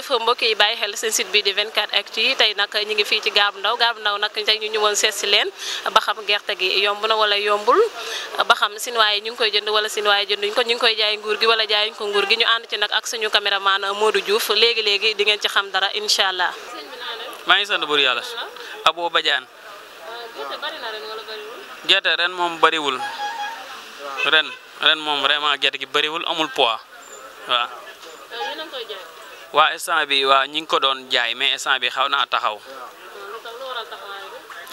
jërëjëf mbokk yi bàyyi xel seen site bi di 24 actu yi tey nag ñu ngi fii ci Gaabu Ndaw Gaabu Ndaw nag tey ñu ñëwoon seet si leen ba xam gerte gi yomb na wala yombul ba xam sinwaay yi ñu ngi koy jënd wala sinwaay jënduñ ko ñu ngi koy jaay nguur gi wala jaayuñ ko nguur gi ñu ànd ci nag ak suñu caméraman Modou Diouf léegi-léegi dingeen ngeen ci xam dara incha allah maa ngi sant buur yàlla Abo Badiane gerte ren moom bëriwul ren ren moom vraiment gerte gi bëriwul amul poids waa instant bi waa ñi ngi ko doon jaay mais instant bi xaw naa taxaw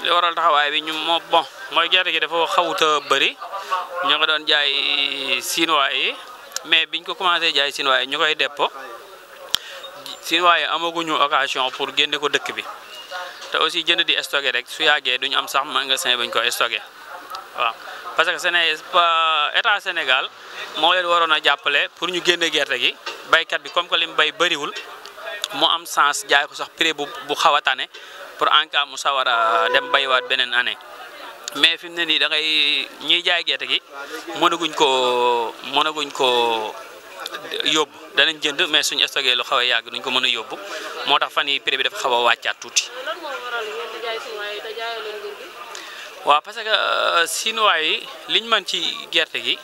li waral taxawaay bi ñu moo bon mooy gerte gi dafa xawut a bëri ñu nga doon jaay chinois yi mais biñ ko commencé jaay chinois ñu koy deppo chinois yi amaguñu occasion pour génne ko dëkk bi te aussi jënd di stocké rek su yàggee duñu am sax magasin bañ ko stocké waaw parce que Séné état Sénégal moo leen waroon a jàppale pour ñu génne gerte gi baykat bi comme que li mu bay bëriwul mu am sens jaay ko sax prix bu bu xaw a tane pour en cas mu sawar a dem baywaat beneen année mais fi mu ne nii da ngay ñiy jaay gerte gi mënaguñ koo mënaguñ koo yóbbu danañ jënd mais suñ stocké lu xaw a yàgg duñ ko mën a yóbbu moo tax fan yi prix bi dafa xaw a wàccaat tuuti. waaw parce que euh, chinois liñ mën ci gerte gi.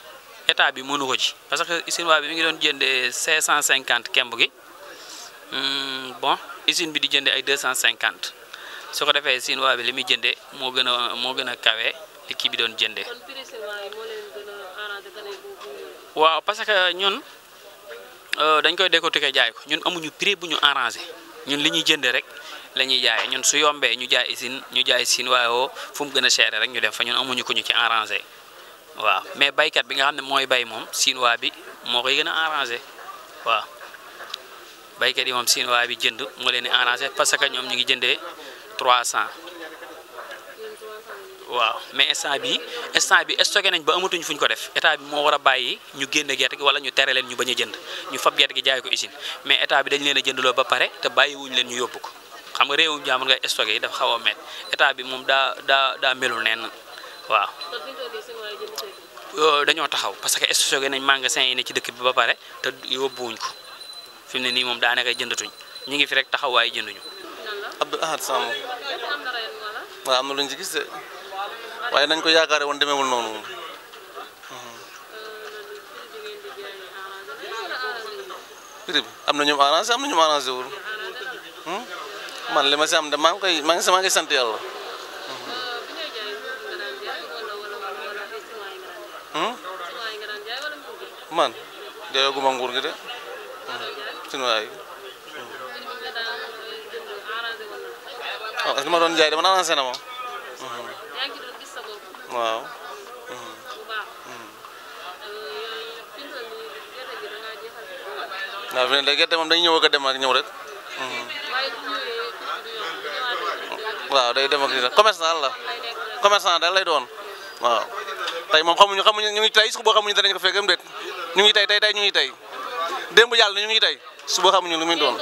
état bi mënu ko ci parce que usine waa bi mi ngi doon jëndee cinquante kemb gi hmm, bon usine bi di jëndee ay 250 su ko defee usine waa bi li muy jëndee moo gën a moo gën a kawe kii bi doon jëndee. waaw parce que ñun euh, dañ koy décortiquer jaay ko ñun amuñu prix bu ñu arrangé ñun li ñuy jëndee rek la ñuy jaayee ñun su yombee ñu jaay usine ñu jaay usine waaye fu mu gën a cher rek ñu def fa ñun amuñu ko ñu ci arrangé. waaw mais baykat bi nga xam ne mooy bay moom chinois bi moo koy gën a arrangé waaw baykat yi moom chinois bi jënd moo leen di arrangé parce que ñoom ñu ngi jënde jëndee 300 waaw mais instant bi instant bi stocké nañ ba amatuñ fuñ ko def état bi moo war a bàyyi ñu génne gerte gi wala ñu tere leen ñu bañ a jënd ñu fab gerte gi jaay ko usine mais état bi dañ leen a jëndloo ba pare te bàyyiwuñ leen ñu ko xam nga réewum jàmbur nga stocké yi xaw a état bi moom daa daa daa melul neen waaw dañoo taxaw parce que stocké nañ magasin yi ne ci dëkk bi ba pare te yóbbuwuñ ko fi mu ne nii moom daanaka jëndatuñ ñu ngi fi rek taxaw waaye jënduñu. Abdoul Ahad Samb waaw luñ ci gis waaye nañ ko yaakaare woon demeewul noonu moom. prix bi am na ñoom arrangé am na ñoom arrangé wul hmm? man li ma si am de maa ngi koy maa ngi sant yàlla. Hmm? man jaayo guma nguur gi de hmm. sunu waay que hmm. oh, ma doon jaay dama naan enseigné moom waaw waaw fi de gerte moom dañuy ñëw ak a dem rek waaw day dem ak commerçant la commerçant daal lay doon waaw tay moom xamuñu xamuñu ñu ngi tey suba xamuñu danañ ko fekk am déet ñu ngi tey tey tey ñu ngi tey démb yàlla ñu ngi tey suba xamuñu lu muy doon.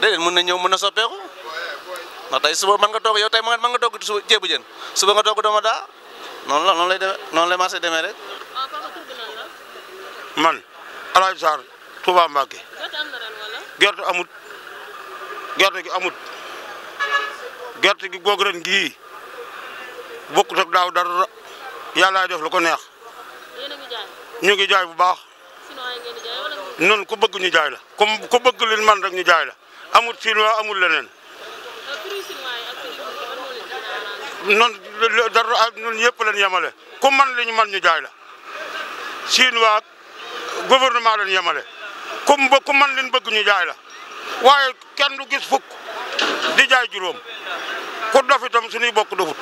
déedéet mën na ñëw mën na soppeeku ndax tey suba man nga toog yow tey man nga toog suba jébu jën suba nga toog dama daa noonu la noonu lay demee noonu demee rek. man El Hadj Sarr Touba Mbacke gerte amut gerte gi amut gerte gi boog ren gii. bokkut ak daaw dara yàlla def lu ko neex. ñu ngi jaay bu baax. noonu ko bëgg ñu jaay la comme ku bëgg leen man rek ñu jaay la amul chinois amul leneen. Euh, noonu dara ak ñun ñëpp leen yemale ku man li ñu man ñu jaay la chinois ak gouvernement leen yemale ku ku man leen bëgg ñu jaay la waaye kenn du gis fukk di jaay juróom ku dof itam suñuy bokk dofut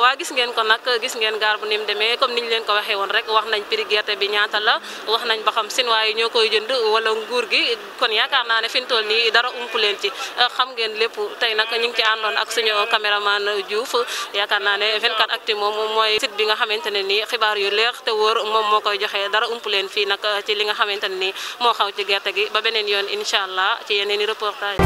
waa gis ngeen ko nag gis ngeen gaar bu ni demee comme niñ leen ko waxee woon rek wax nañ prix gerte bi ñaata la wax nañ ba xam sinwaa yi ñoo koy jënd wala nguur gi kon yaakaar naa ne fi mu nii dara ump leen ci euh, xam ngeen lépp tey nag ñu ngi ci àndoon ak suñu caméraman Diouf yaakaar naa ne 24 actu moom mooy site bi nga xamante ne nii xibaar yu leer te wóor moom moo koy joxe dara ump leen fii nag euh, ci li nga xamante ne nii moo xaw ci gerte gi ba beneen yoon incha allah ci yeneen i reportage